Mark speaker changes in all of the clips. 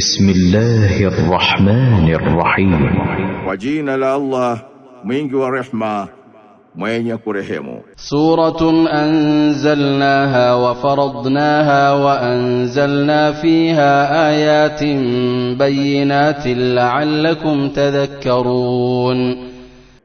Speaker 1: بسم الله الرحمن الرحيم
Speaker 2: وجينا لله مينج ورحمة
Speaker 1: سورة أنزلناها وفرضناها وأنزلنا فيها آيات بينات لعلكم تذكرون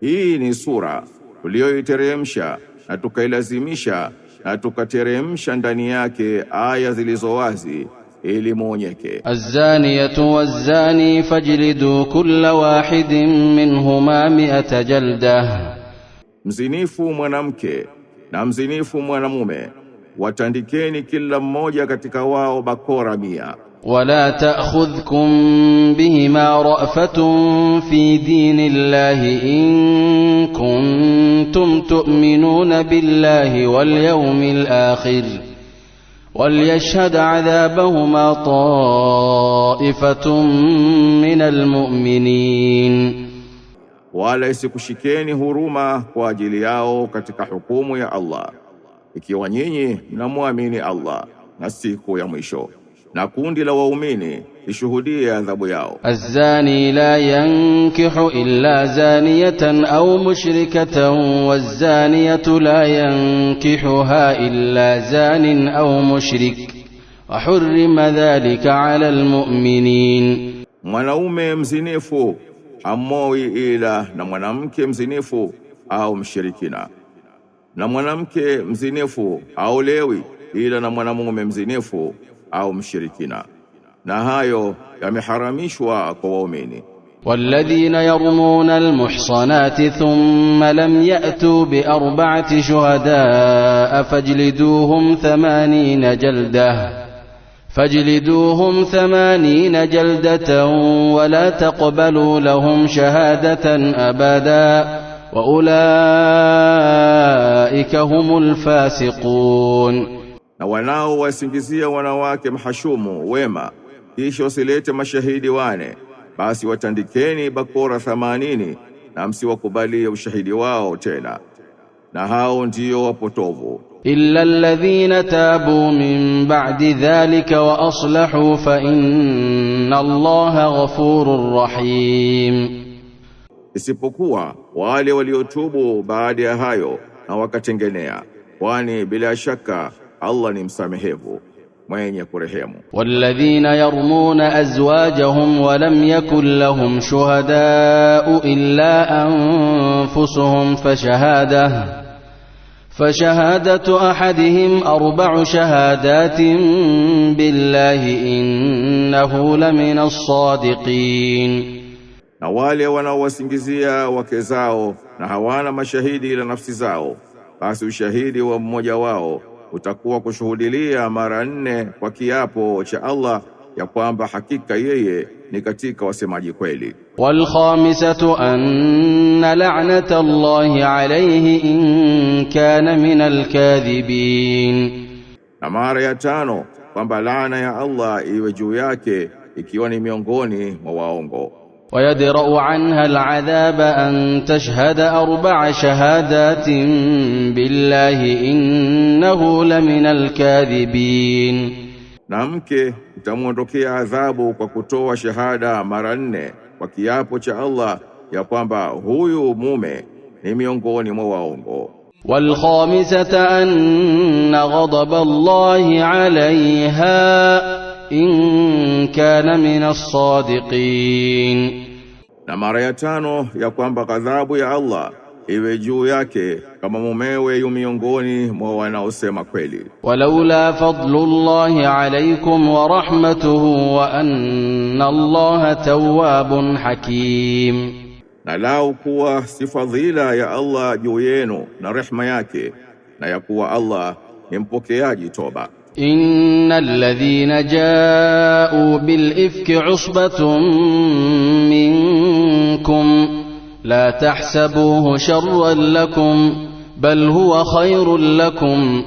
Speaker 2: إين سورة ليو يترمشا أتوكا لازميشا أتوكا ترمشا دانياكي آية زلزوازي ili muonyeke.
Speaker 1: Azaniyatu wazani fajlidu kulla wahidin minhuma mi'ata jalda,
Speaker 2: mzinifu mwanamke na mzinifu mwanamume watandikeni kila mmoja katika wao bakora mia.
Speaker 1: Wala ta'khudhkum bihima ra'fatun fi dinillahi in kuntum tu'minuna billahi wal yawmil akhir وليشهد عذابهما طائفة من المؤمنين
Speaker 2: wala isikushikeni huruma kwa ajili yao katika hukumu ya Allah ikiwa nyinyi mnamwamini Allah na siku ya mwisho na kundi la waumini lishuhudie adhabu yao.
Speaker 1: Azani la yankihu illa zaniyatan au mushrikatan wazaniyatu la yankihuha illa zanin au mushrik wa hurrima dhalika ala almu'minin,
Speaker 2: mwanaume mzinifu amoi ila na mwanamke mzinifu au mshirikina, na mwanamke mzinifu aolewi ila na mwanamume mzinifu au mshirikina na hayo yameharamishwa kwa waumini
Speaker 1: والذين يرمون المحصنات ثم لم يأتوا بأربعة شهداء فاجلدوهم ثمانين جلدة فاجلدوهم ثمانين جلدة ولا تقبلوا لهم شهادة أبدا وأولئك هم الفاسقون
Speaker 2: na wanao wasingizia wanawake mhashumu wema, kisha wasilete mashahidi wane, basi watandikeni bakora thamanini na msiwakubalie ushahidi wao tena, na hao ndiyo wapotovu.
Speaker 1: illa alladhina tabu min ba'di dhalika wa aslahu fa inna Allaha ghafurur rahim,
Speaker 2: isipokuwa wale waliotubu baada ya hayo na wakatengenea, kwani bila shaka Allah ni msamehevu mwenye kurehemu.
Speaker 1: walladhina yarmuna azwajahum walam yakun lahum shuhadau illa anfusuhum fashahada فشهادة أحدهم أربع شهادات بالله إنه لمن الصادقين
Speaker 2: na wale wanaowasingizia wake zao na hawana mashahidi ila nafsi zao, basi ushahidi wa mmoja wao utakuwa kushuhudilia mara nne kwa kiapo cha Allah ya kwamba hakika yeye ni katika wasemaji kweli.
Speaker 1: wal khamisatu anna la'nata Allahi alayhi in kana min alkadhibin,
Speaker 2: na mara ya tano kwamba laana ya Allah iwe juu yake ikiwa ni miongoni mwa waongo.
Speaker 1: ويدرأ عنها العذاب أن تشهد أربع شهادات بالله إنه لمن الكاذبين
Speaker 2: نامكي تموندوكي عذاب وكتوى شهادة مرنة وكيابو شاء الله يقوم بهوي مومي نميونغوني مواونغو
Speaker 1: والخامسة أن غضب الله عليها in kana min as
Speaker 2: na mara ya tano ya kwamba ghadhabu ya Allah iwe juu yake kama mumewe yu miongoni mwa wanaosema kweli.
Speaker 1: walaula fadlullahi alaykum wa rahmatuhu wa anna Allaha tawwabun hakim,
Speaker 2: na lau kuwa si fadhila ya Allah juu yenu na rehma yake na ya kuwa Allah ni mpokeaji toba.
Speaker 1: إن الذين جاءوا بالإفك عصبة منكم لا تحسبوه شرا لكم بل هو خير لكم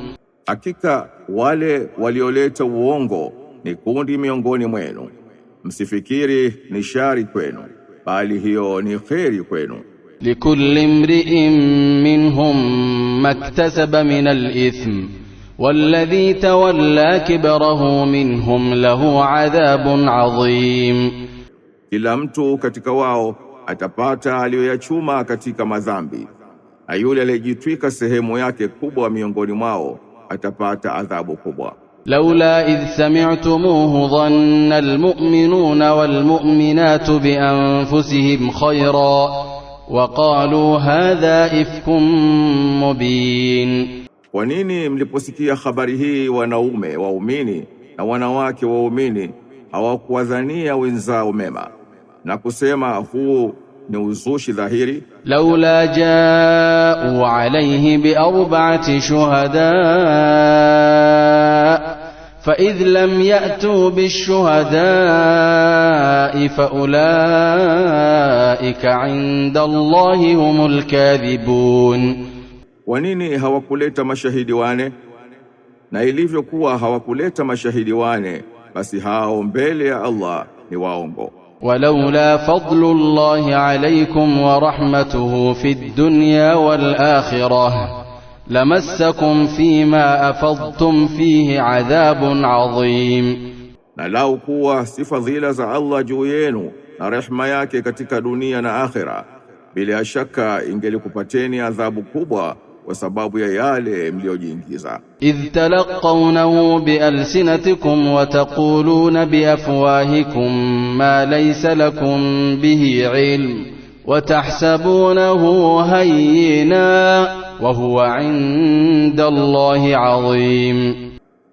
Speaker 2: Hakika wale walioleta uongo ni kundi miongoni mwenu, msifikiri ni shari kwenu, bali hiyo ni kheri kwenu.
Speaker 1: likulli mri'in minhum maktasaba min al-ithm والذي تولى كبره minhum lahu adhabun adhim,
Speaker 2: kila mtu katika wao atapata aliyoyachuma katika madhambi, na yule aliyejitwika sehemu yake kubwa miongoni mwao atapata adhabu kubwa.
Speaker 1: Laula idh sami'tumuhu dhanna almu'minuna walmu'minatu bianfusihim khayra wa qalu hadha ifkum mubin
Speaker 2: Kwa nini mliposikia habari hii wanaume waumini na wanawake waumini hawakuwadhania wenzao mema na kusema huu ni uzushi dhahiri?
Speaker 1: laula jau alayhi biarba'ati shuhada فإذ لم يأتوا بالشهداء فأولئك عند الله هم الكاذبون
Speaker 2: Kwa nini hawakuleta mashahidi wane? Na ilivyokuwa hawakuleta mashahidi wane, basi hao mbele ya Allah ni waongo.
Speaker 1: Walaula fadlullahi alaykum wa rahmatuhu fi dunya wal akhirah lamassakum fima afadtum fihi adhabun adhim,
Speaker 2: na lau kuwa si fadhila za Allah juu yenu na rehma yake katika dunia na akhira, bila shaka ingelikupateni adhabu kubwa kwa sababu ya yale mliyojiingiza.
Speaker 1: idh talaqqawnahu bialsinatikum wa taquluna biafwahikum ma laysa lakum bihi ilm wa tahsabunahu hayyina wa huwa inda Allahi adhim,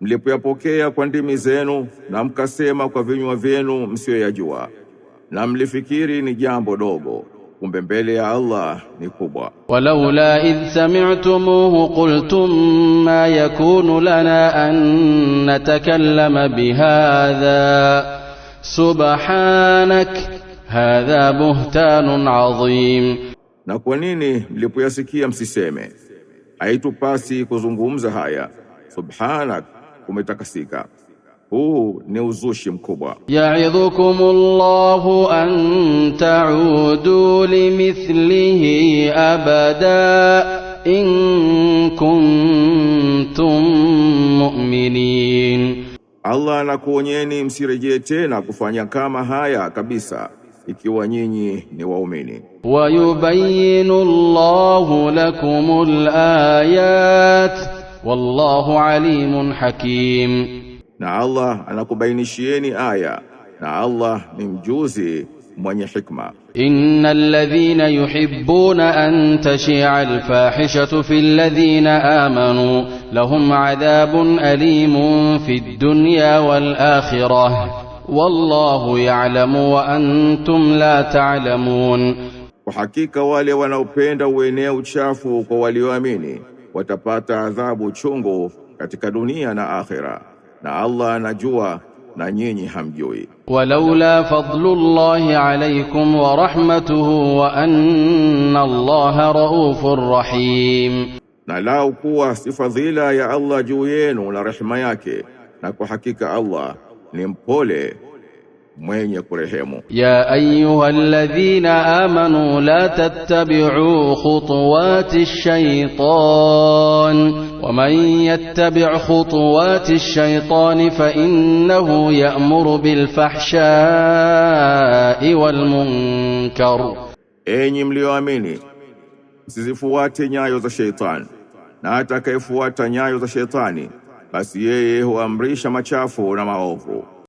Speaker 2: mlipoyapokea kwa ndimi zenu na mkasema kwa vinywa vyenu msiyoyajua, na mlifikiri ni jambo dogo kumbe mbele ya Allah ni kubwa.
Speaker 1: walaula idh sami'tumuhu qultum ma yakunu lana an natakallama bihadha subhanak hadha buhtanun adhim,
Speaker 2: na kwa nini mlipoyasikia msiseme haitupasi kuzungumza haya, subhanak, umetakasika huu ni uzushi mkubwa.
Speaker 1: Allahu an ta'udu limithlihi abada in kuntum mu'minin,
Speaker 2: Allah anakuonyeni msirejee tena kufanya kama haya kabisa ikiwa nyinyi ni waumini.
Speaker 1: Wayubayinu Allahu lakumul ayat wallahu alimun hakim
Speaker 2: na Allah anakubainishieni aya na Allah ni mjuzi mwenye hikma.
Speaker 1: Innal ladhina yuhibbuna an tashia alfahishatu fil ladhina amanu lahum adhabun alimun fid dunya wal akhirah wallahu ya'lamu wa antum la ta'lamun,
Speaker 2: kwa hakika wale wanaopenda uenea uchafu kwa walioamini watapata adhabu chungu katika dunia na akhira na Allah anajua na nyinyi hamjui.
Speaker 1: walaula fadlullahi alaykum wa rahmatuhu wa anna Allaha raufur rahim,
Speaker 2: na lau kuwa si fadhila ya Allah juu yenu na rehema yake, na kwa hakika Allah ni mpole mwenye kurehemu.
Speaker 1: ya ayyuhalladhina amanu la tattabi'u khutuwati shaytan wa man yattabi' khutuwati shaytan fa innahu ya'muru bil fahsha'i wal munkar,
Speaker 2: enyi mlioamini msizifuate nyayo za sheitani, na atakayefuata nyayo za shaytani basi yeye huamrisha machafu na maovu